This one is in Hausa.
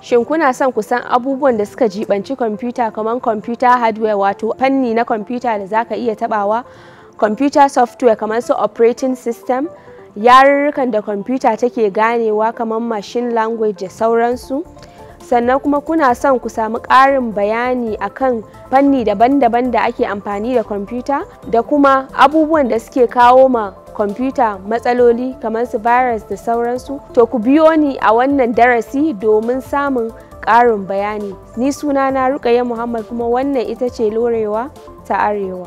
Shin kuna son ku san abubuwan da suka jibanci kwamfuta kamar kwamfuta hardware wato fanni na kwamfuta da zaka iya tabawa, kwamfuta software kamar su operating system, yarurrukan da kwamfuta take ganewa kamar machine language da sauransu. sannan kuma kuna son ku samu ƙarin bayani akan fanni daban-daban da ake amfani da kwamfuta da kuma abubuwan da suke kawo ma kwamfuta matsaloli kamar su virus da sauransu to ku biyo ni a wannan darasi domin samun ƙarin bayani ni sunana na rukayya muhammad kuma wannan ita ce lorewa ta arewa